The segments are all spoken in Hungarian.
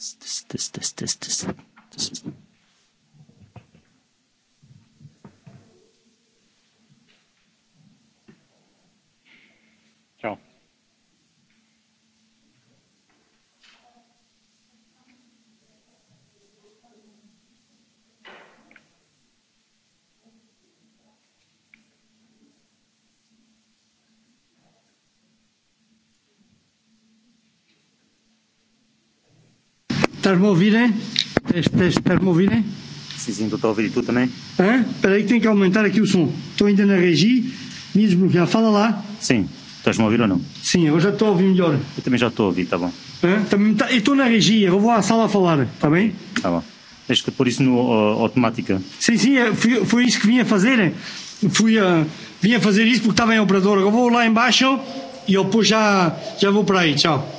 tsz, tsz, tsz, tsz, tsz, tsz. Estás-me a ouvir, é? Estás-me a ouvir, é? Sim, sim, estou a ouvir. E tu também? Hã? Espera aí que tenho que aumentar aqui o som. Estou ainda na regi. Me desbloquear. Fala lá. Sim. Estás-me a ouvir ou não? Sim, eu já estou a ouvir melhor. Eu também já estou a ouvir, tá bom. Hã? Também tá... Eu estou na regia. Eu vou à sala a falar. Tá bem? Tá bom. Tens que pôr isso no uh, automática. Sim, sim. Fui, foi isso que vim a fazer. Fui a... Vim a fazer isso porque estava em operador. Eu vou lá embaixo e eu depois já, já vou para aí. Tchau.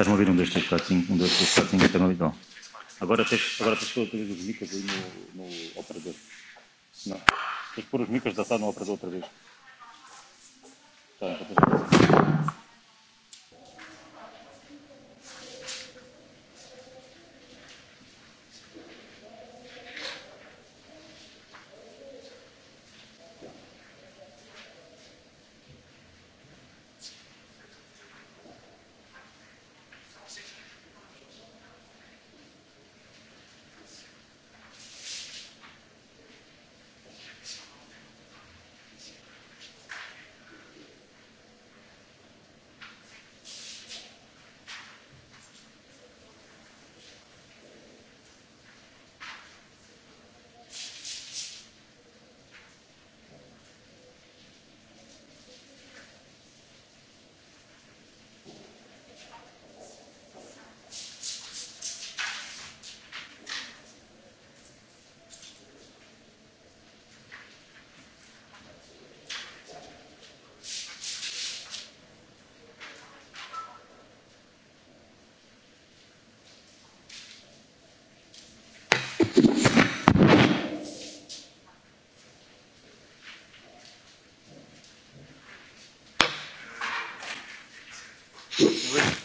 estás a ouvir? Um, dois, três, quatro, cinco. Um, dois, três, quatro, cinco. até me a Agora tens, agora tens que pôr os micros aí no, no operador. Não. Tens que pôr os micros da sala no operador outra vez. Rick